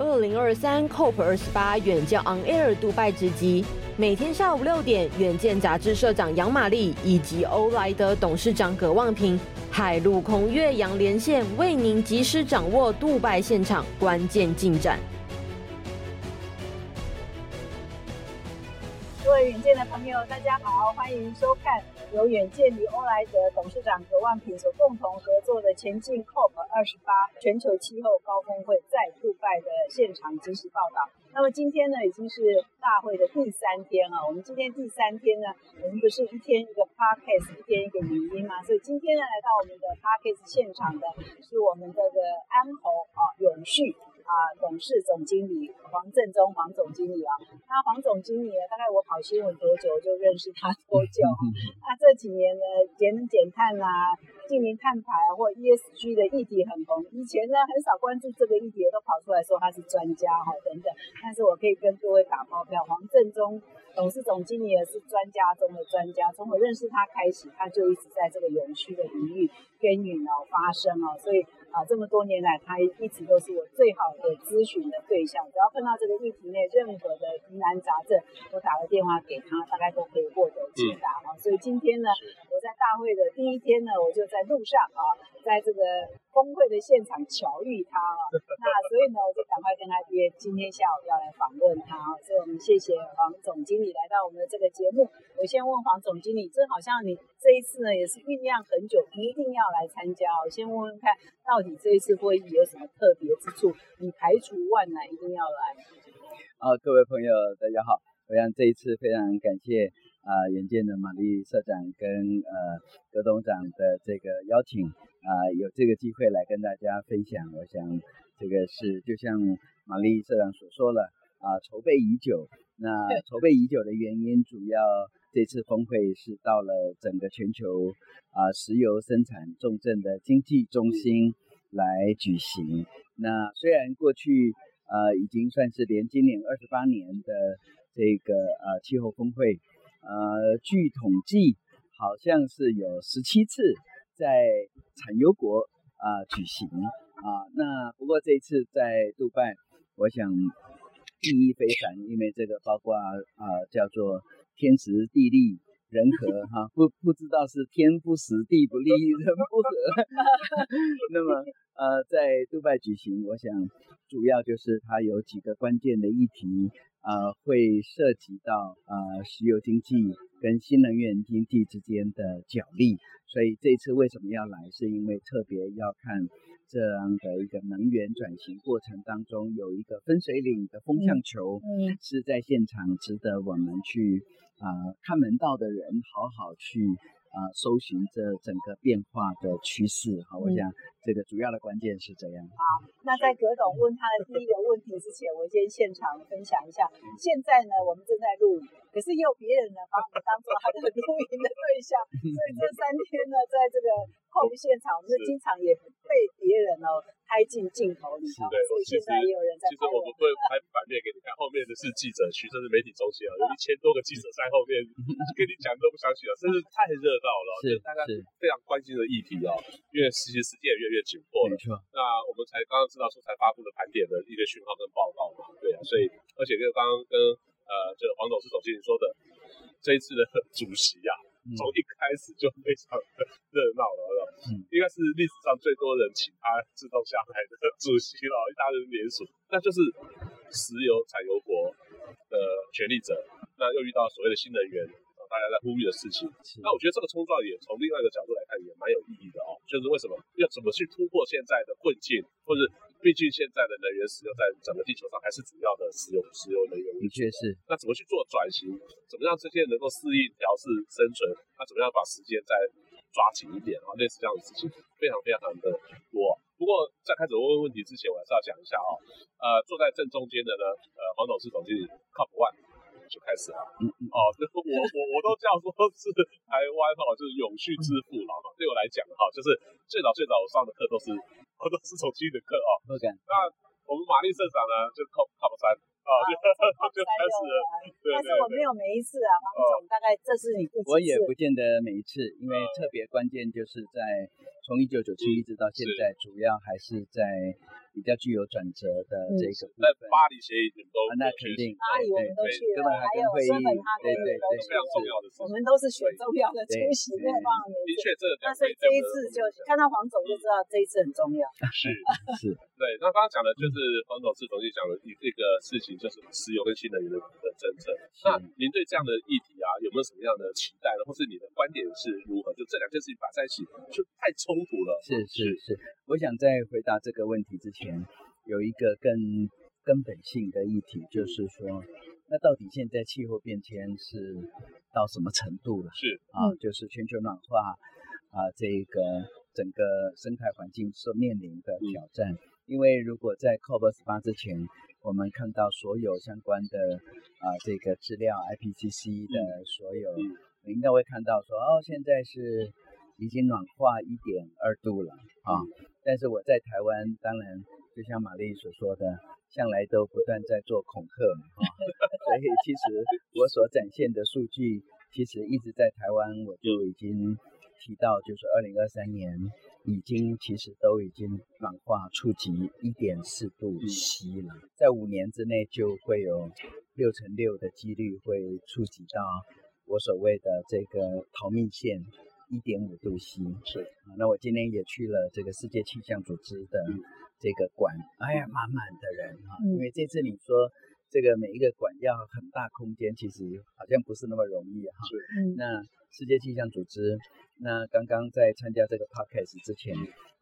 二零二三，COP 二十八，遠見 On Air，杜拜直擊，每天下午六點，遠見雜誌社長楊瑪麗以及歐萊德董事長葛望平，海陸空越洋連線，為您及時掌握杜拜現場關鍵進展。各位朋友，大家好，歡迎收看由遠見與歐萊德董事長葛望平所共同合作的前進 COP 二十八全球氣候高峰會在杜拜的現場即時報道。那麼今天呢，已經是大會的第三天啊。我們今天第三天呢，我們不是一天一個 podcast，一天一個語音嗎？所以今天呢，來到我們的 podcast 現場的是我們的安侯啊、哦，永續。啊，董事總經理黃正忠黃總經理啊，他、啊、黃總經理大概我跑新聞多久就認識他多久 他這幾年呢，節能減碳啊，近年碳排、啊、或 ESG 的議題很紅，以前呢很少關注這個議題，都跑出來說他是專家哈等等。但是我可以跟各位打包票，黃正忠董事總經理也是專家中的專家，從我認識他開始，他就一直在這個永續的領域耕耘哦，發聲哦，所以。啊，這麼多年來，他一直都是我最好的諮詢的對象。只要碰到這個議題內任何的疑難雜症，我打個電話給他，大概都可以獲得解答。嗯，哦，所以今天呢，我在大會的第一天呢，我就在路上啊，在這個峰會的現場巧遇他啊。 那所以呢，我就趕快跟他約，今天下午要來訪問他啊。所以，我們謝謝黃總經理來到我們的這個節目。我先問黃總經理，這好像你這一次呢也是醞釀很久，一定要來參加。我先問問看。到底這一次會議有什麼特別之處？你排除萬難一定要來？好，各位朋友，大家好，我想這一次非常感謝啊、呃、遠見的瑪利社長跟呃葛董事長的這個邀請啊、呃，有這個機會來跟大家分享。我想這個是就像瑪利社長所說了啊、呃，籌備已久。那籌備已久的原因主要。這次峰會是到了整個全球啊、呃、石油生產重鎮的經濟中心來舉行。那雖然過去呃已經算是連今年二十八年的這個呃氣候峰會，呃據統計好像是有十七次在產油國啊、呃、舉行啊、呃。那不過這一次在杜拜，我想意義非凡，因為這個包括啊、呃、叫做。天時地利人和哈，不不知道是天不時、地不利、人不和。 那麼呃，在杜拜舉行，我想主要就是它有幾個關鍵的議題。呃，會涉及到呃，石油經濟跟新能源經濟之間的角力，所以這一次為什麼要來，是因為特別要看這樣的一個能源轉型過程當中有一個分水嶺的風向球，嗯，嗯，是在現場值得我們去啊，呃，看門道的人好好去啊，呃，搜尋這整個變化的趨勢。好，我想。這個主要的關鍵是怎樣？好，那在葛董問他的第一個問題之前，我先現場分享一下。現在呢，我們正在錄影，可是也有別人呢把我們當做他的錄音的對象，所 以這三天呢，在這個後影現場，我們、哦、就經常也被別人哦拍進鏡頭裡。對，所以現在也有人在其。其實我們會拍反面給你看， 後面的是記者區，這是，是媒體中心啊，哦，有一千多個記者在後面 跟你講都不相信啊，真是太熱鬧了。是，就大家非常關心的議題啊，嗯，因為其實習時間也越越緊迫了，那我們才剛剛知道，說才發布的盤點的一個訊號跟報告嘛，對啊，所以而且就剛剛跟呃，就黃董事總經理說的，這一次的主席呀、啊，從、嗯、一開始就非常的熱鬧了，嗯、應該是歷史上最多人請他自動下台的主席了，一大堆的聯署，那就是石油產油國的權力者，那又遇到所謂的新能源。大家在呼籲的事情，那我覺得這個衝撞也從另外一個角度來看，也蠻有意義的哦。就是為什麼要怎麼去突破現在的困境，或者畢竟現在的能源使用在整個地球上還是主要的石油石油能源，源，的確是。那怎麼去做轉型？怎麼讓這些能夠適應、調試、生存？那、啊、怎麼樣把時間再抓緊一點啊？類似這樣的事情非常非常的多。不過，不過在開始問，問問題之前，我還是要講一下啊、哦，呃，坐在正中間的呢，呃，黃董事總經理是 COP One。就開始了，嗯嗯，哦，我我我都叫說是台灣哈， 就是永續之父。對我來講哈，就是最早最早我上的課都是、嗯，我都是手機的課、嗯、哦。Okay. 那我們瑪麗社長呢，就靠靠山、哦、啊，就，就開始了對對對，但是我沒有每一次啊，王總、嗯、大概這是你，我也不見得每一次，因為特別關鍵就是在從一九九七一直到現在，嗯、主要還是在。比較具有轉折的這個，那、嗯、巴黎協議，我們那肯定巴黎我們都去了，還，對對還有日本也都，對對對，是非常重要的，我們都是選重要的出席各方明確，嗯、但是這一次就看到黃總就知道這一次很重要，是 是。對，那剛剛講的就是黃董事總經理講的這個事情，就是石油跟新能源的政策。那您對這樣的議題啊，有沒有什麼樣的期待呢？或是你的觀點是如何？就這兩件事情擺在一起，就太衝突了。是是是,是，我想在回答這個問題之前，有一個更根本性的議題，就是說，那到底現在氣候變遷是到什麼程度了？是啊，就是全球暖化啊，這個整個生態環境所面臨的挑戰。因為如果在 COP28 之前，我們看到所有相關的啊、呃、這個資料，IPCC 的所有，應該會看到說，哦，現在是已經暖化一點二度了啊、哦。但是我在台灣，當然就像瑪利所說的，向來都不斷在做恐嚇嘛、哦，所以其實我所展現的數據，其實一直在台灣我就已經提到，就是二零二三年。已經其實都已經轉化觸及一點四度 C 了，在五年之內就會有六成六的幾率會觸及到我所謂的這個逃命線一點五度 C。是，那我今天也去了這個世界氣象組織的這個館，哎呀，滿滿的人啊、嗯，因為這次你說。這個每一個館要很大空間，其實好像不是那麼容易哈、啊。是。那世界氣象組織，那剛剛在參加這個 podcast 之前，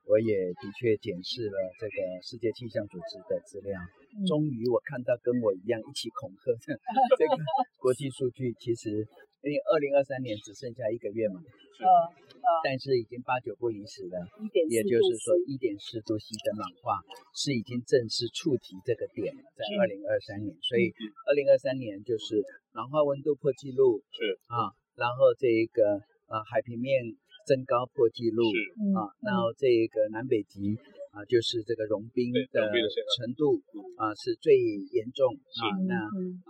我也的確檢視了這個世界氣象組織的資料。嗯、終於，我看到跟我一樣一起恐嚇的這個國際數據，其實。因為二零二三年只剩下一個月嘛，嗯嗯嗯、但是已經八九不離十了，一點，也就是說一點四度西的暖化是已經正式觸及這個點了在二零二三年、嗯，所以二零二三年就是暖化溫度破紀錄，嗯、啊是啊，然後這個呃、啊、海平面。增高破紀錄、嗯、啊！然後這個南北極啊，就是這個融冰的程度啊、呃，是最嚴重啊。那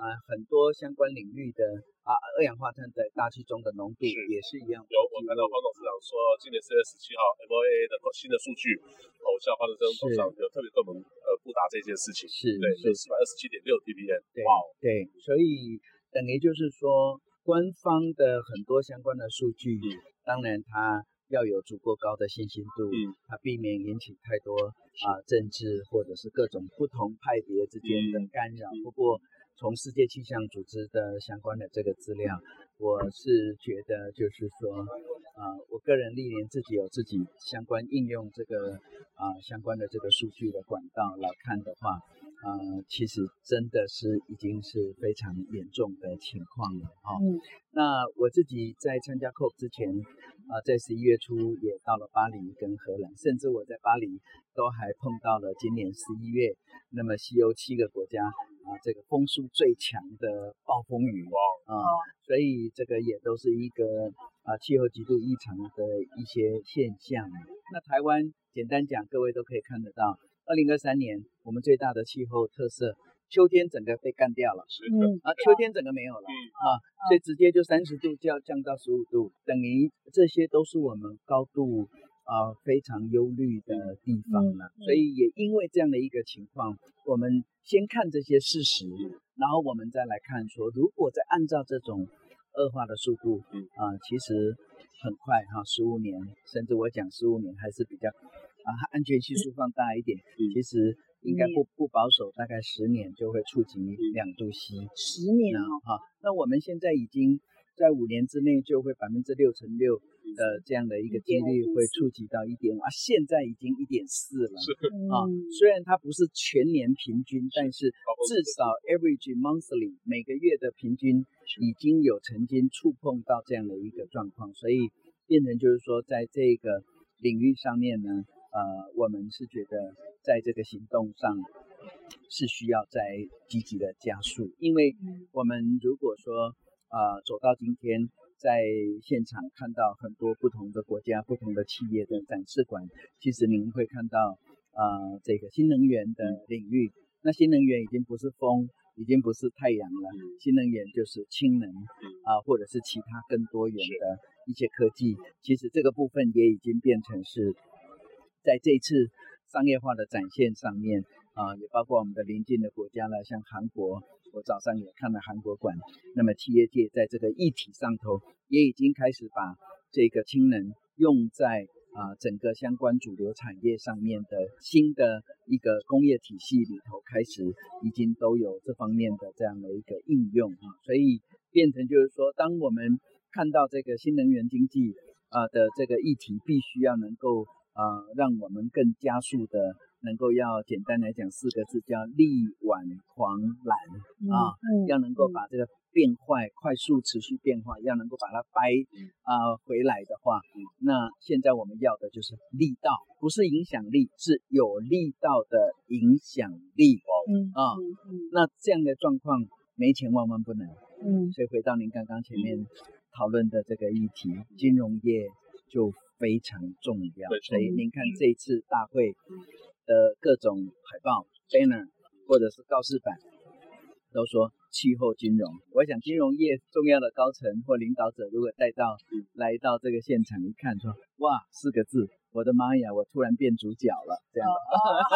啊，很多相關領域的啊，二氧化碳在大氣中的濃度也是一樣是。有，我看到黃董事長說，今年四月十七號，M O A 的新的數據，我、哦、的這董事長有特別跟我們呃覆答這件事情，是對，是就四百二十七點六 ppm 哇哦對，對，所以等於就是說。官方的很多相關的數據，當然它要有足夠高的信心度，它避免引起太多啊、呃、政治或者是各種不同派別之間的干擾。不過，從世界氣象組織的相關的這個資料，我是覺得就是說，啊、呃，我個人歷年自己有自己相關應用這個啊、呃、相關的這個數據的管道來看的話。啊、呃，其實真的是已經是非常嚴重的情況了哈、哦嗯。那我自己在參加 COP 之前，啊、呃，在十一月初也到了巴黎跟荷蘭，甚至我在巴黎都還碰到了今年十一月那麼西歐七個國家啊、呃，這個風速最強的暴風雨啊、呃，所以這個也都是一個啊、呃、氣候極度異常的一些現象。那台灣簡單講，各位都可以看得到，二零二三年。我們最大的氣候特色，秋天整個被幹掉了，啊，秋天整個沒有了，啊，所以直接就三十度就要降到十五度，等於這些都是我們高度啊非常憂慮的地方了、嗯嗯。所以也因為這樣的一個情況，我們先看這些事實，然後我們再來看說，如果再按照這種惡化的速度，啊，其實很快哈，啊，十五年，甚至我講十五年還是比較啊安全係數放大一點，嗯、其實。應該不不保守，大概十年就會觸及兩度 C。十年哈，那我們現在已經在五年之內就會百分之六成六的這樣的一個幾率會觸及到一點五，嗯、啊，現在已經一點四了。啊、嗯，雖然它不是全年平均，但是至少 average monthly 每個月的平均已經有曾經觸碰到這樣的一個狀況，所以變成就是說在這個領域上面呢。呃，我們是覺得在這個行動上是需要再積極的加速，因為我們如果說呃走到今天，在現場看到很多不同的國家、不同的企業的展示館，其實您會看到呃這個新能源的領域，那新能源已經不是風，已經不是太陽了，新能源就是氫能啊，呃，或者是其他更多元的一些科技，其實這個部分也已經變成是。在這次商業化的展現上面啊，也包括我們的鄰近的國家了、啊，像韓國，我早上也看了韓國館。那麼，企業界在這個議題上頭，也已經開始把這個氫能用在啊整個相關主流產業上面的新的一個工業體系裡頭，開始已經都有這方面的這樣的一個應用啊。所以，變成就是說，當我們看到這個新能源經濟啊的這個議題，必須要能夠。呃，讓我們更加速的能夠要簡單來講四個字叫力挽狂瀾啊、嗯，要能夠把這個變壞、嗯、快速持續變化，要能夠把它掰，啊、呃、回來的話，那現在我們要的就是力道，不是影響力，是有力道的影響力哦、嗯、啊，那這樣的狀況沒錢萬萬不能，嗯，所以回到您剛剛前面討論的這個議題，金融業。就非常重要。所以您看這一次大會的各種海報、banner 或者是告示板，都說氣候金融。我想金融業重要的高層或領導者，如果帶到、嗯、來到這個現場一看說，說哇四個字，我的媽呀，我突然變主角了。這樣的、啊啊，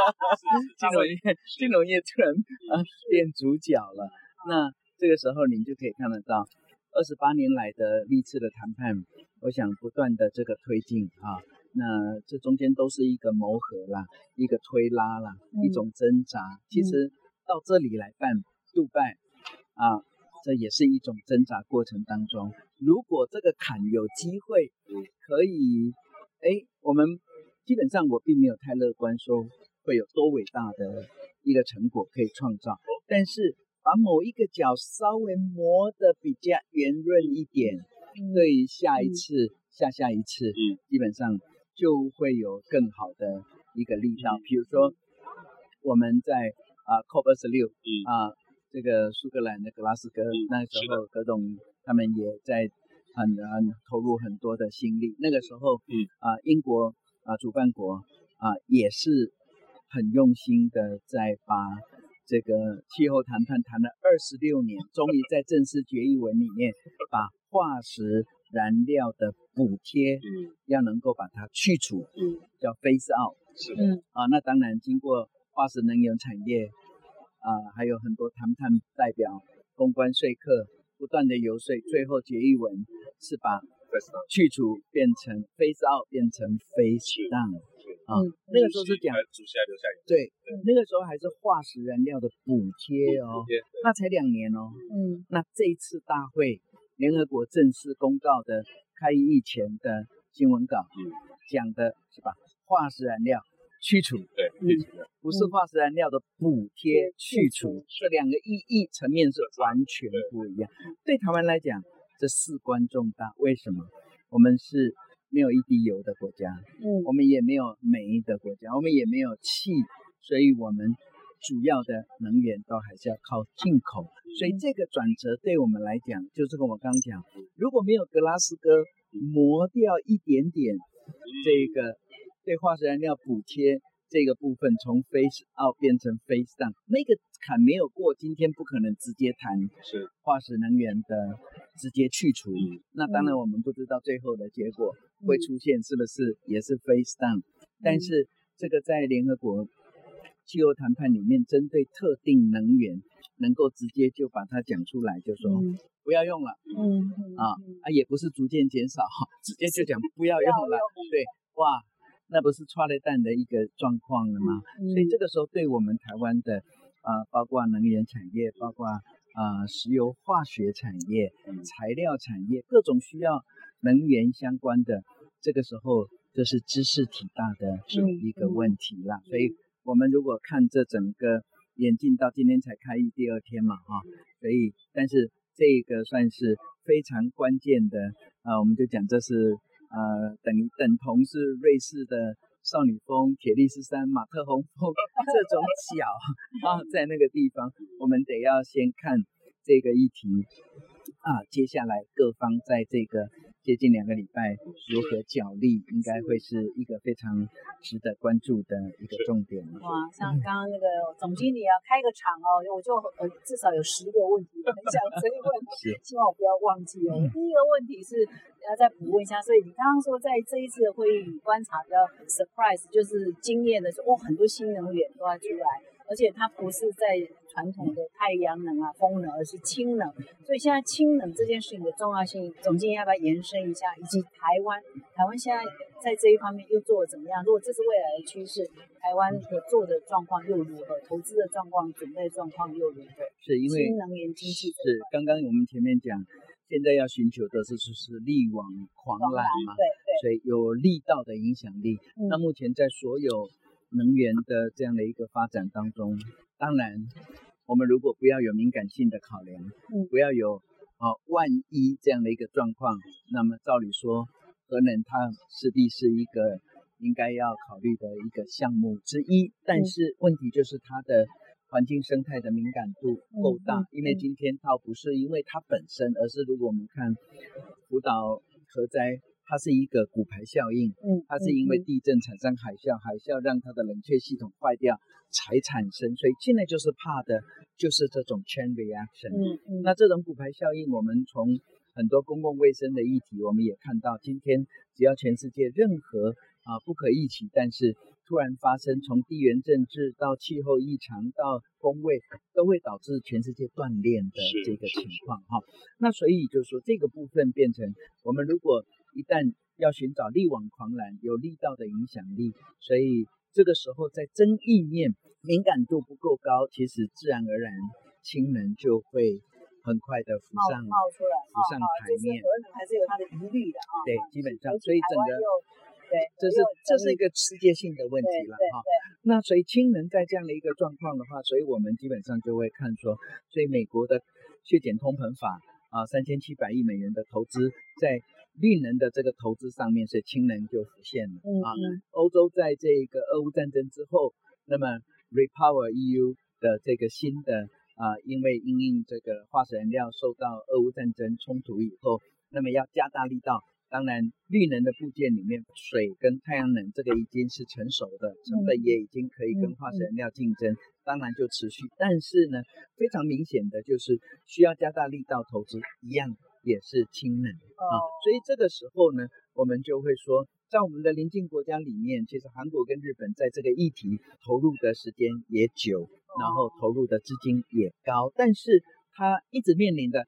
金融業金融業突然、啊、變主角了。那這個時候您就可以看得到。二十八年來的歷次的談判，我想不斷的這個推進啊，那這中間都是一個磨合啦，一個推拉啦、嗯，一種掙扎。其實到這裡來辦，杜拜啊，這也是一種掙扎過程當中。如果這個坎有機會，可以，哎，我們基本上我並沒有太樂觀說，說會有多偉大的一個成果可以創造，但是。把某一個角稍微磨得比較圓潤一點，對、嗯、下一次、嗯、下下一次，嗯，基本上就會有更好的一個力道。嗯、比如說，嗯、我們在啊 COP26，嗯啊，這個蘇格蘭的格拉斯哥，那個時候、嗯、格董他們也在很很、啊、投入很多的心力。那個時候，嗯啊，英國啊主辦國啊也是很用心的在把。這個氣候談判談，談了二十六年，終於在正式決議文裡面把化石燃料的補貼，嗯，要能夠把它去除，嗯，叫 phase out，是的，啊，那當然經過化石能源產業啊，還有很多談判代表、公關說客不斷的遊說，最後決議文是把去除變成 phase out，變成 phase down。嗯，那個時候是講主席還留下，對，那個時候還是化石燃料的補貼哦，那才兩年哦。嗯，那這一次大會，聯合國正式公告的開議前的新聞稿，講的是吧，化石燃料去除，對，去除，不是化石燃料的補貼去除，這兩個意義層面是完全不一樣。對台灣來講，這事關重大，為什麼？我們是。沒有一滴油的國家，嗯，我們也沒有煤的國家，我們也沒有氣，所以我們主要的能源都還是要靠進口。所以這個轉折對我們來講，就是跟我剛講，如果沒有格拉斯哥磨掉一點點這個對化石燃料補貼。這個部分從 phase out 變成 phase down，那個坎沒有過，今天不可能直接談是化石能源的直接去除。那當然我們不知道最後的結果會出現是不是也是 phase down，、嗯、但是這個在聯合國氣候談判裡面，針對特定能源能夠直接就把它講出來，就說不要用了。嗯啊嗯嗯嗯啊，也不是逐漸減少，直接就講不要用了。對，哇。那不是剉咧等的一個狀況了嗎、嗯？所以這個時候對我們台灣的啊、呃，包括能源產業，包括啊、呃、石油化學產業、嗯、材料產業，各種需要能源相關的，這個時候就是茲事體大的，是一個問題啦、嗯。所以我們如果看這整個眼鏡到今天才開議第二天嘛，哈、哦，所以但是這個算是非常關鍵的啊、呃，我們就講這是。呃，等等同是瑞士的少女峰、鐵力士山、馬特洪峰這種角 啊，在那個地方，我們得要先看這個議題。啊，接下來各方在這個接近兩個禮拜如何角力，應該會是一個非常值得關注的一個重點。哇，像剛剛那個總經理啊，開個場哦，我就至少有十個問題很想問問題，希望我不要忘記哦。第一個問題是，要再補問一下，所以你剛剛說在這一次的會議裡觀察比較 surprise，就是驚艷的時候哦，很多新能源都要出來。而且它不是在傳統的太陽能啊、風能，而是氫能。所以現在氫能這件事情的重要性，總經理要不要延伸一下？以及台灣，台灣現在在這一方面又做得怎麼樣？如果這是未來的趨勢，台灣的做的狀況又如何？投資的狀況、準備的狀況又如何？嗯、是因為新能源經濟是剛剛我們前面講，現在要尋求的是就是力挽狂瀾嘛對，對，所以有力道的影響力、嗯。那目前在所有能源的這樣的一個發展當中，當然，我們如果不要有敏感性的考量，嗯、不要有啊、哦、萬一這樣的一個狀況，那麼照理說，核能它勢必是一個應該要考慮的一個項目之一。但是問題就是它的環境生態的敏感度夠大，嗯、因為今天倒不是因為它本身，而是如果我們看福島核災。它是一個骨牌效應，嗯，它是因為地震產生海嘯，嗯嗯、海嘯讓它的冷卻系統壞掉才產生，所以現在就是怕的，就是這種 chain reaction。嗯，嗯，那這種骨牌效應，我們從很多公共衛生的議題，我們也看到，今天只要全世界任何啊不可預期，但是突然發生，從地緣政治到氣候異常到公衛，都會導致全世界斷鏈的這個情況哈。那所以就是說，這個部分變成我們如果。一旦要尋找力挽狂瀾有力道的影響力，所以這個時候在爭議面敏感度不夠高，其實自然而然，氫能就會很快的浮上浮上台面，哦。對，基本上所以整個對，這是這是一個世界性的問題了哈，哦。那所以氫能在這樣的一個狀況的話，所以我們基本上就會看說，所以美國的削減通膨法啊，三千七百億美元的投資在。綠能的這個投資上面，是氫能就實現了啊、嗯。歐洲在這個俄烏戰爭之後，那麼 Repower EU 的這個新的啊，因為因應這個化石燃料受到俄烏戰爭衝突以後，那麼要加大力道。當然，綠能的部件裡面，水跟太陽能這個已經是成熟的，成本也已經可以跟化石燃料競爭，當然就持續。但是呢，非常明顯的就是需要加大力道投資一樣。也是親人啊，所以這個時候呢，我們就會說，在我們的鄰近國家裡面，其實韓國跟日本在這個議題投入的時間也久，然後投入的資金也高，但是它一直面臨的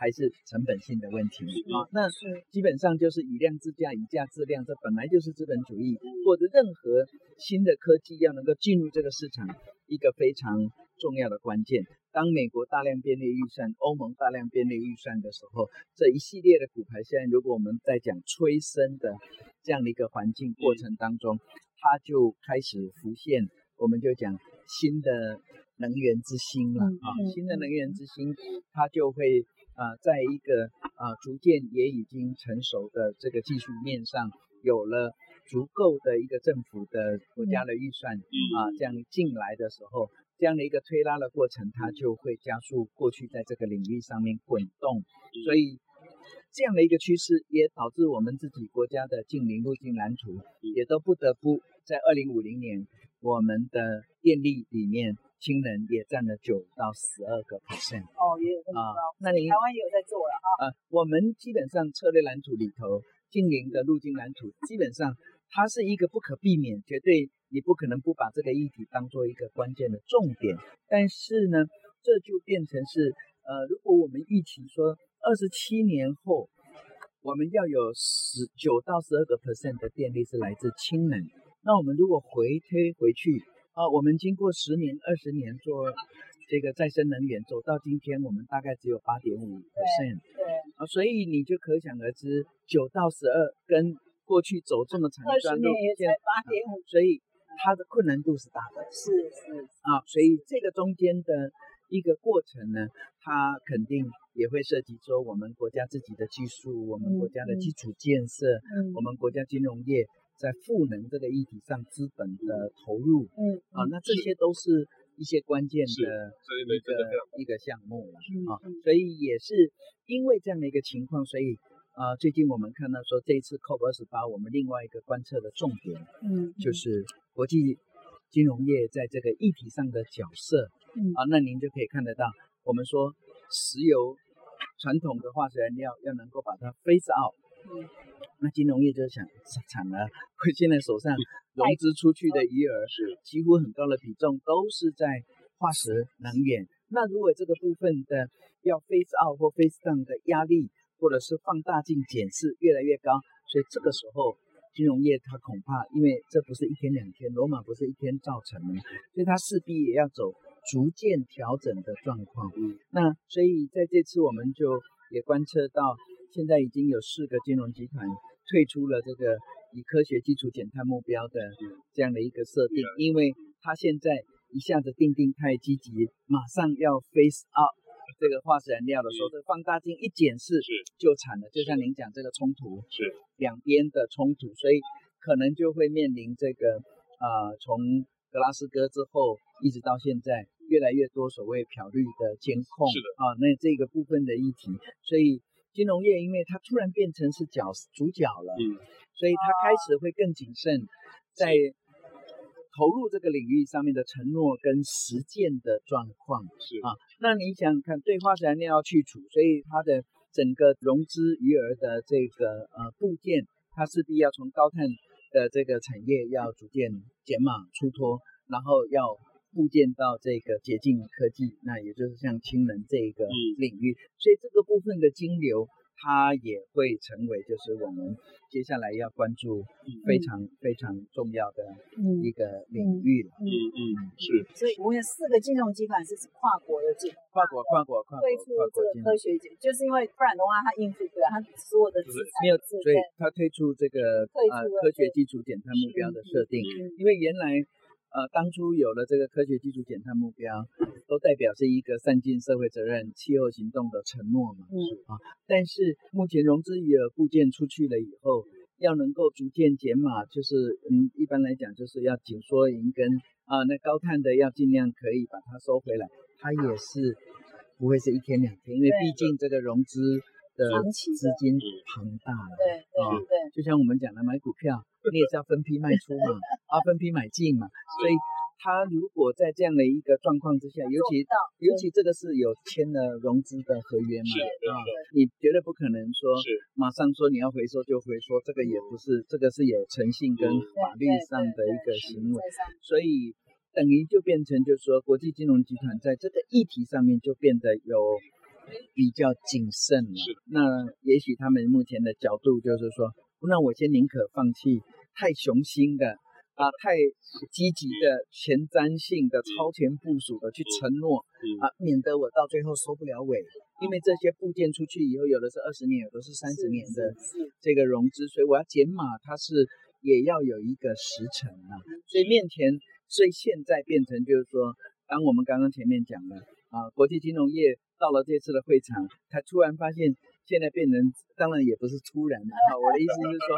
還是成本性的問題啊。那基本上就是以量制價，以價制量，這本來就是資本主義或者任何新的科技要能夠進入這個市場一個非常重要的關鍵。當美國大量編列預算，歐盟大量編列預算的時候，這一系列的骨牌現在，如果我們在講催生的這樣的一個環境過程當中、嗯，它就開始浮現，我們就講新的能源之星了、嗯、啊、嗯，新的能源之星，它就會啊、呃，在一個啊、呃、逐漸也已經成熟的這個技術面上，有了足夠的一個政府的國家的預算啊，這樣進來的時候。這樣的一個推拉的過程，它就會加速過去在這個領域上面滾動，所以這樣的一個趨勢也導致我們自己國家的淨零路徑藍圖也都不得不在二零五零年，我們的電力裡面氫能也佔了九到十二個 percent 哦，也有這麼、啊、呃、那您台灣也有在做了啊？呃，我們基本上策略藍圖裡頭淨零的路徑藍圖基本上。它是一個不可避免，絕對你不可能不把這個議題當做一個關鍵的重點。但是呢，這就變成是，呃，如果我們預期說二十七年後我們要有九到十二個 percent 的電力是來自氫能，那我們如果回推回去啊，我們經過十年、二十年做這個再生能源，走到今天我們大概只有八點五 percent，對，啊，所以你就可想而知，九到十二跟。過去走這麼長一段路，啊，所以它的困難度是大的，是是，是啊，所以這個中間的一個過程呢，它肯定也會涉及說我們國家自己的技術，我們國家的基礎建設，嗯嗯、我們國家金融業在賦能這個議題上資本的投入，嗯，嗯啊，那這些都是一些關鍵的，一個所以沒一個項目了啊，所以也是因為這樣的一個情況，所以。啊，最近我們看到說這一次 COP28，我們另外一個觀測的重點，嗯，就是國際金融業在這個議題上的角色。啊，那您就可以看得到，我們說石油傳統的化石燃料要能夠把它 phase out，那金融業就想，慘了，我現在手上融資出去的餘額是幾乎很高的比重，都是在化石能源。那如果這個部分的要 phase out 或 phase down 的壓力。或者是放大鏡檢視越來越高，所以這個時候金融業它恐怕因為這不是一天兩天，羅馬不是一天造成的，所以它勢必也要走逐漸調整的狀況。那所以在這次我們就也觀測到，現在已經有四個金融集團退出了這個以科學基礎減碳目標的這樣的一個設定，因為它現在一下子定定太積極，馬上要 face up。這個化石燃料的時候，這個、放大鏡一檢視就慘了，就像您講這個衝突是兩邊的衝突，所以可能就會面臨這個，呃，從格拉斯哥之後一直到現在，越來越多所謂漂綠的監控是的啊，那這個部分的議題，所以金融業因為它突然變成是角主角了，嗯，所以它開始會更謹慎在。投入這個領域上面的承諾跟實踐的狀況是，是，是啊，那你想你看對化石燃料要去除，所以它的整個融資餘額的這個呃部件，它勢必要從高碳的這個產業要逐漸減碼出脫，然後要部件到這個潔淨科技，那也就是像氫能這一個領域。嗯，所以這個部分的金流，它也會成為，就是我們接下來要關注非常非常重要的一個領域，嗯嗯，嗯，嗯，嗯，嗯，嗯，是。所以，我們有四個金融集團是，是跨國的金融，跨國、跨國、跨國。推出這個科學金融，就是因為不然的話，它應付不了它所有的資，沒有資。所以，它推出這個呃、嗯啊、科學基礎減排目標的設定，嗯嗯、因為原來。啊、當初有了這個科學基礎減碳目標，都代表是一個善盡社會責任、氣候行動的承諾嘛。嗯、啊，但是目前融資餘額布建出去了以後，要能夠逐漸減碼，就是嗯，一般來講就是要緊縮銀根啊，那高碳的要盡量可以把它收回來，它也是不會是一天兩天，因為畢竟這個融資。長期的資金龐大了，對啊，對，就像我們講的買股票，你也是要分批賣出嘛，啊，分批買進嘛，所以他如果在這樣的一個狀況之下，尤其尤其這個是有簽了融資的合約嘛，啊，你絕對不可能說馬上說你要回收就回收，這個也不是，這個是有誠信跟法律上的一個行為，所以等於就變成就是說國際金融集團在這個議題上面就變得有。比較謹慎了，是。那也許他們目前的角度就是說，那我先寧可放棄，太雄心的啊，太積極的、前瞻性的、超前部署的去承諾啊，免得我到最後收不了尾。因為這些部件出去以後，有的是二十年，有的是三十年的這個融資，所以我要減碼，它是也要有一個時程啊。所以面前，所以現在變成就是說，當我們剛剛前面講的啊，國際金融業。到了這次的會場，他突然發現，現在變成當然也不是突然的、啊、哈。我的意思就是說，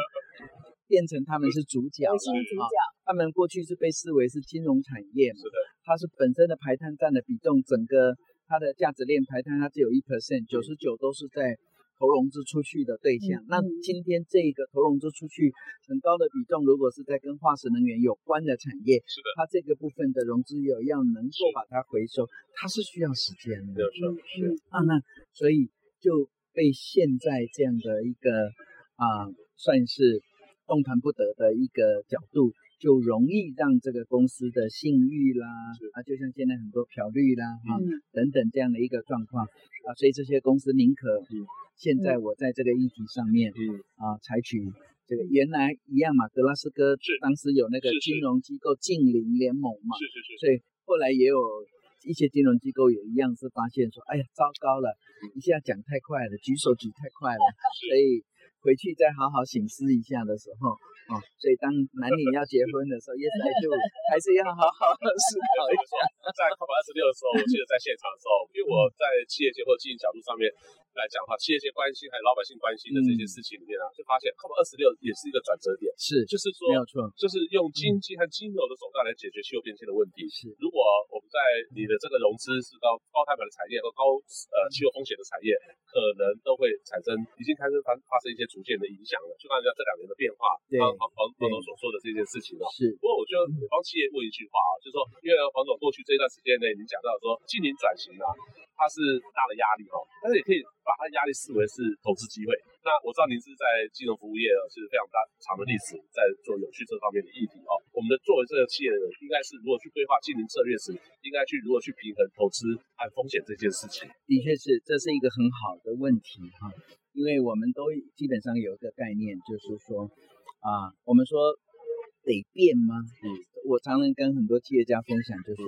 變成他們是主角了、哦，他們過去是被視為是金融產業嘛。是的，它是本身的排碳佔的比重，整個它的價值鏈排碳，它只有一 percent，九十九都是在。投融資出去的對象、嗯，那今天這個投融資出去很高的比重，如果是在跟化石能源有關的產業，是的，它這個部分的融資有要能夠把它回收，它是需要時間的，是的，是的，是的，啊，那所以就被現在這樣的一個啊、呃，算是動彈不得的一個角度。就容易讓這個公司的信譽啦，啊，就像現在很多漂綠啦啊、嗯，等等這樣的一個狀況、嗯、啊，所以這些公司寧可現在我在這個議題上面、嗯、啊採取這個原來一樣嘛，格拉斯哥當時有那個金融機構淨零聯盟嘛，是，是是是，所以後來也有一些金融機構也一樣是發現說，哎呀糟糕了，一下講太快了，舉手舉太快了，所以回去再好好省思一下的時候。哦，所以當男女要結婚的時候， 是 yes, I do, 還是要好好思考一下。在 COP26 的時候，我記得在現場的時候， 因為我在企業結合經營角度上面，來講的話，企業界關心還有老百姓關心的這些事情裡面啊，就發現 COP26 也是一個轉折點，是，就是說沒有錯，就是用經濟和金融的手段來解決氣候變遷的問題。是，如果我們在你的這個融資是到高碳排的產業和高呃氣候風險的產業，可能都會產生已經開始發發生一些逐漸的影響了。就剛才這兩年的變化，黃黃黃總所說的這件事情啊，是。不過我覺得，我幫企業問一句話啊，就是說，因為黃總過去這段時間內，你講到說近年轉型啊。它是大的壓力哦，但是也可以把它壓力視為是投資機會。那我知道您是在金融服務業啊，是非常大長的歷史，在做有趣這方面的議題哦。我們的作為這個企業的人，應該是如何去規劃經營策略時，應該去如何去平衡投資和風險這件事情？的確是，這是一個很好的問題哈、啊，因為我們都基本上有一個概念，就是說啊，我們說得變嗎？嗯，我常常跟很多企業家分享，就是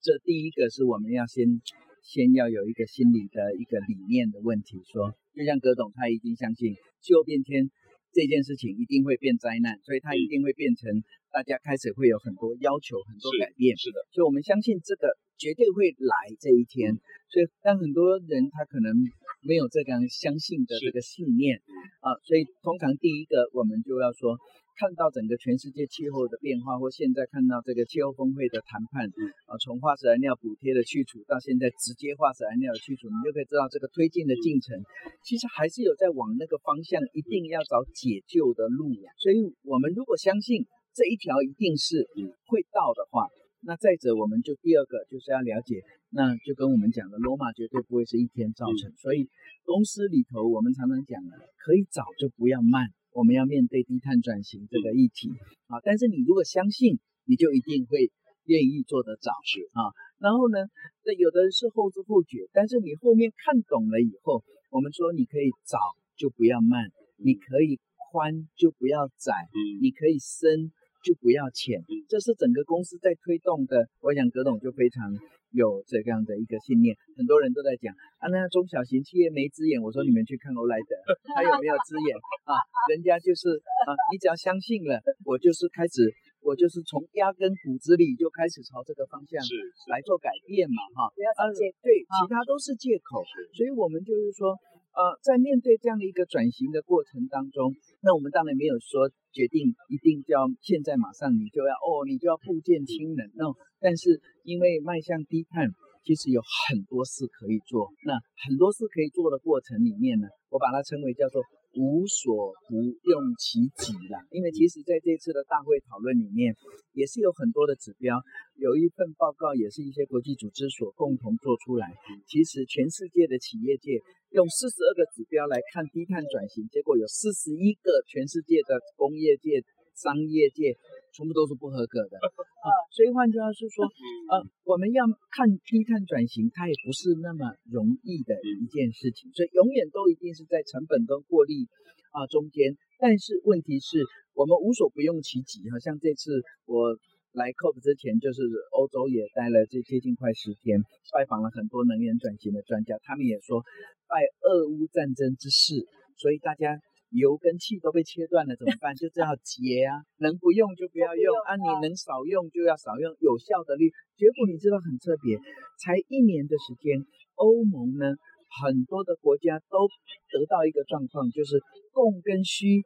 這第一個是我們要先。先要有一個心理的一個理念的問題說，說就像葛董，他一定相信氣候變遷這件事情一定會變災難，所以他一定會變成大家開始會有很多要求、很多改變。是，是的，所以我們相信這個。絕對會來這一天，所以但很多人他可能沒有這樣相信的這個信念啊，所以通常第一個我們就要說，看到整個全世界氣候的變化，或現在看到這個氣候峰會的談判，啊，從化石燃料補貼的去除到現在直接化石燃料的去除，你就可以知道這個推進的進程，其實還是有在往那個方向，一定要找解救的路。所以我們如果相信這一條一定是會到的話。那再者，我們就第二個就是要了解，那就跟我們講的，羅馬絕對不會是一天造成，所以公司裡頭，我們常常講的可以早就不要慢，我們要面對低碳轉型這個議題啊。但是你如果相信，你就一定會願意做得早啊。然後呢，那有的人是後知後覺，但是你後面看懂了以後，我們說你可以早就不要慢，你可以寬就不要窄，你可以深。就不要錢，這是整個公司在推動的。我想葛董就非常有這樣的一個信念，很多人都在講啊，那中小型企業沒資源，我說你們去看歐萊德，還有沒有資源啊？人家就是啊，你只要相信了，我就是開始，我就是從壓根骨子裡就開始朝這個方向來做改變嘛哈，不要找借口，對，其他都是借口。所以我們就是說。呃，在面對這樣的一個轉型的過程當中，那我們當然沒有說決定一定就要現在馬上你就要哦，你就要不見親人。那、哦、但是因為邁向低碳，其實有很多事可以做。那很多事可以做的過程裡面呢，我把它稱為叫做。無所不用其極了，因為其實在這次的大會討論裡面，也是有很多的指標，有一份報告，也是一些國際組織所共同做出來。其實全世界的企業界用四十二個指標來看低碳轉型，結果有四十一個全世界的工業界商業界全部都是不合格的啊！所以換句話是說，呃，我們要看低碳轉型，它也不是那麼容易的一件事情。所以永遠都一定是在成本跟獲利啊中間。但是問題是，我們無所不用其極。好像這次我來 COP 之前，就是歐洲也待了這接近快十天，拜訪了很多能源轉型的專家，他們也說，拜俄烏戰爭之勢，所以大家。油跟氣都被切斷了，怎麼辦？就只好節啊， 能不用就不要用，不要啊，你能少用就要少用，有效的率。結果你知道很特別，才一年的時間，歐盟呢，很多的國家都得到一個狀況，就是供跟需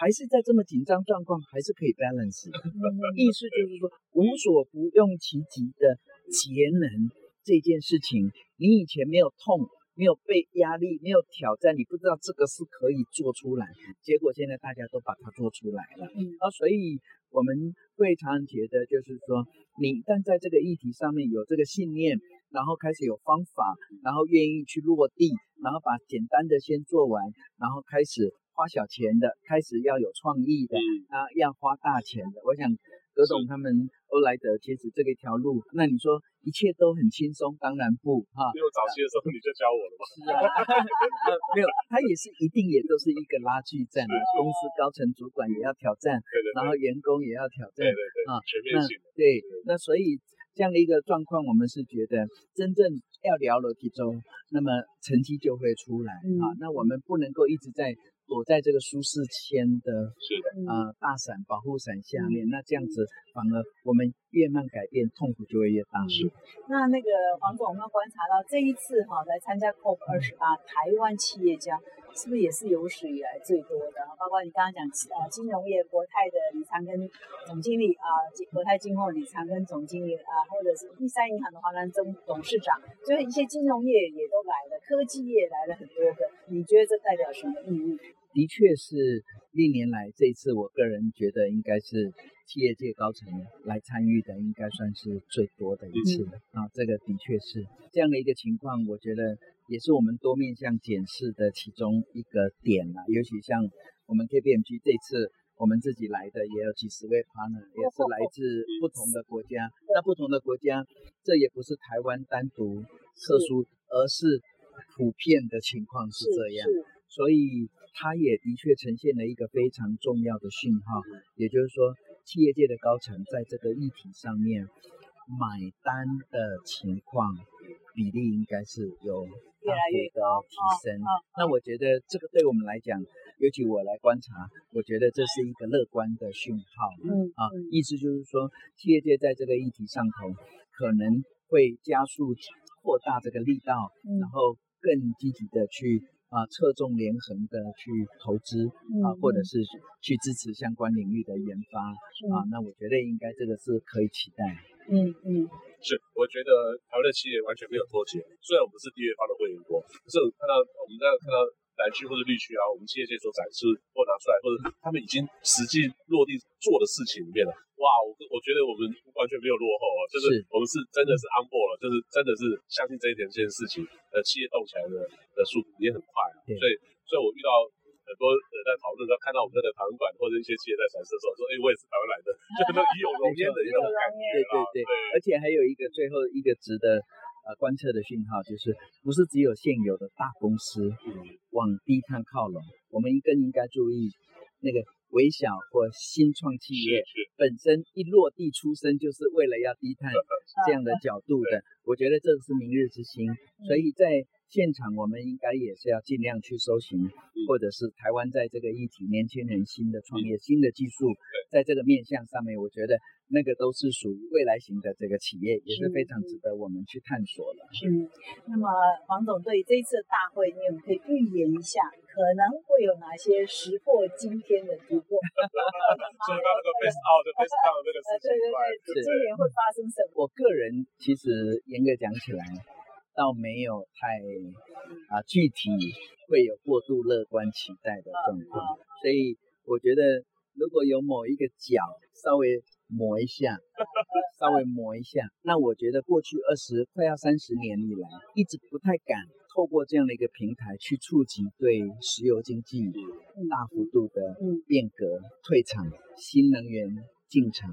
還是在這麼緊張狀況，還是可以 balance 的，嗯。意思就是說，無所不用其極的節能這件事情，你以前沒有痛。沒有被壓力，沒有挑戰，你不知道這個是可以做出來的。結果現在大家都把它做出來了，嗯、啊，所以我們會常常覺得，就是說，你一旦在這個議題上面有這個信念，然後開始有方法，然後願意去落地，然後把簡單的先做完，然後開始花小錢的，開始要有創意的，啊，要花大錢的。我想。葛總他們歐萊德接着這個一條路，那你說一切都很輕鬆？當然不哈。因、啊、為早期的時候你就教我了吧？啊是啊，哈哈 沒有，他也是一定也都是一個拉鋸戰、啊、公司高層主管也要挑戰，對對對然後員工也要挑戰對對對啊。全面性對，那所以這樣的一個狀況，我們是覺得真正要聊樓梯中，那麼成績就會出來、嗯、啊。那我們不能夠一直在。躲在這個舒適圈的，是的啊、嗯呃，大傘保護傘下面、嗯，那這樣子反而我們越慢改變，痛苦就會越大。是。那那個黃總，我們要觀察到這一次哈、哦、來參加 COP 二、嗯、十八，台灣企業家是不是也是有史以來最多的、啊？包括你剛剛講呃金融業國泰的李長庚總經理啊，國泰金控李長庚總經理啊，或者是第三銀行的華南總董事長，就是一些金融業也都來了，科技業來了很多個。你覺得這代表什麼意義？的確是歷年來這一次，我個人覺得應該是企業界高層來參與的，應該算是最多的一次、嗯、啊。這個的確是這樣的一個情況，我覺得也是我們多面向檢視的其中一個點吶、啊。尤其像我們 KPMG 這次我們自己來的也有幾十位 partner，也是來自不同的國家。那、嗯、不同的國家，這也不是台灣單獨特殊，而是普遍的情況是這樣。所以。它也的確呈現了一個非常重要的訊號、嗯，也就是說，企業界的高層在這個議題上面買單的情況比例應該是有大幅的提升、哦哦哦。那我覺得這個對我們來講、哦哦，尤其我來觀察，我覺得這是一個樂觀的訊號。嗯，嗯啊，意思就是說，企業界在這個議題上頭可能會加速擴大這個力道，嗯、然後更積極的去。啊，側重連橫的去投資、嗯、啊，或者是去支持相關領域的研發、嗯、啊，那我覺得應該這個是可以期待。嗯嗯，是，我覺得台灣的企業完全沒有脫節。雖然我們是第一方的會員國，可是我看到我們大家看到。藍區或者綠區啊，我們企業界所展示或拿出來，或者他們已經實際落地做的事情裡面了。哇，我我覺得我們完全沒有落後啊，就是我們是真的是安 n b a 了，就是真的是相信這一點這件事情。呃，企業動起來的的、呃、速度也很快、啊，所以所以我遇到很多人在討論，看到我們這個台灣館或者一些企業在展示的時候，說哎、欸，我也是台灣來的，啊、就很有連接的一種感覺、啊、對對對，對，對，而且還有一個最後一個值得。呃，觀測的訊號，就是不是只有現有的大公司往低碳靠攏，我們更應該注意那個微小或新創企業本身一落地出生就是為了要低碳這樣的角度的，我覺得這是明日之星，所以在。現場我們應該也是要盡量去搜尋，或者是台灣在這個議題年輕人新的創業、新的技術，在這個面向上面，我覺得那個都是屬於未來型的這個企業，也是非常值得我們去探索的。嗯，嗯，那麼黃總對這一次的大會，你們可以預言一下，可能會有哪些石破驚天的突破？說 到、那個啊、這、啊、對對對，對,對,對，今年會發生什麼？我個人其實嚴格講起來。倒沒有太啊具體會有過度樂觀期待的狀況，所以我覺得如果有某一個角稍微磨一下，稍微磨一下，那我覺得過去二十快要三十年以來，一直不太敢透過這樣的一個平台去觸及對石油經濟大幅度的變革、退場、新能源進場。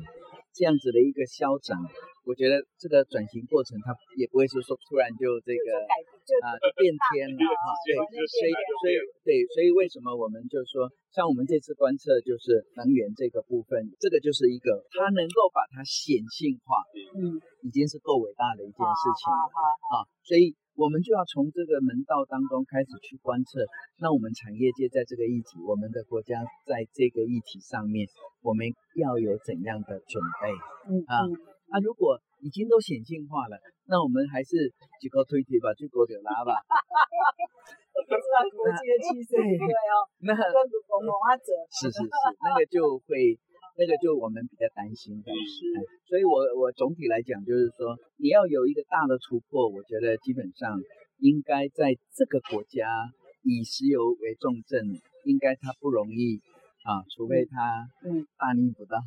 這樣子的一個消長，我覺得這個轉型過程，它也不會是說突然就這個啊、就是變，呃、變天了哈、啊啊。對，所以所以對，所以為什麼我們就說，像我們這次觀測就是能源這個部分，這個就是一個它能夠把它顯性化，嗯，已經是夠偉大的一件事情了。了、啊。啊，所以。我們就要從這個門道當中開始去觀測。那我們產業界在這個議題，我們的國家在這個議題上面，我們要有怎樣的準備？嗯啊，嗯啊，如果已經都顯性化了，那我們還是舉高推鐵吧，舉高點拉吧。不 知道國際的氣氛對哦？那如果猛啊折，是是是，那個就會。 那個就我們比較擔心的是的，所以我，我我總體來講就是說，你要有一個大的突破，我覺得基本上應該在這個國家以石油為重鎮，應該它不容易。啊，除非他嗯，大逆不道。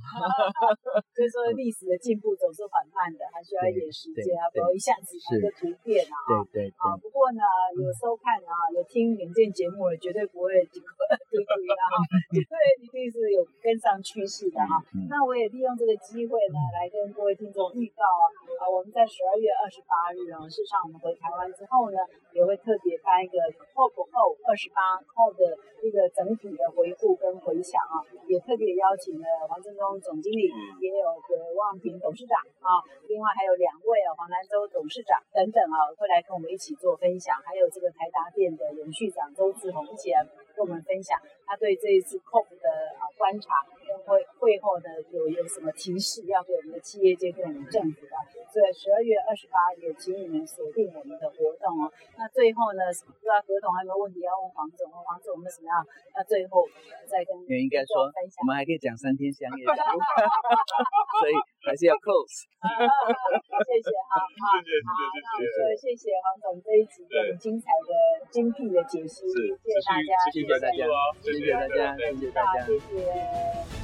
所以說，歷史的進步總是緩慢的，還需要一點時間啊，不要一下子一個圖片啊。對對對。啊，不過呢，有收看啊，有聽遠見節目的，絕對不會跟跟不一樣啊，一定是有跟上趨勢的哈、啊嗯嗯。那我也利用這個機會呢，來跟各位聽眾預告啊，啊，我們在十二月二十八日啊，事實上我們回台灣之後呢，也會特別拍一個 COP28 後的那個整體的回顧跟回。想啊，也特別邀請了黃正忠總經理，也有葛望平董事長啊，另外還有兩位啊，黃蘭州董事長等等啊，會來跟我們一起做分享，還有這個台達電的董事長周志宏先跟我們分享他對這一次 COP 的，啊觀察跟會會後的有有什麼提示要給我們的企業界跟我們政府的？所以十二月二十八日，請你們鎖定我們的活動哦、喔。那最後呢，不知道葛總還有沒有問題要問黃總黃總，我們怎麼樣？那最後再跟，原應該說，我們，我們還可以講三天三夜， 所以還是要 close 好好好。謝謝哈，好，謝謝謝謝謝黃總這一集很精彩的，精的、精闢的解析，謝謝大家，謝謝。謝謝謝謝大家，謝謝大家，謝謝大家，謝謝。謝謝。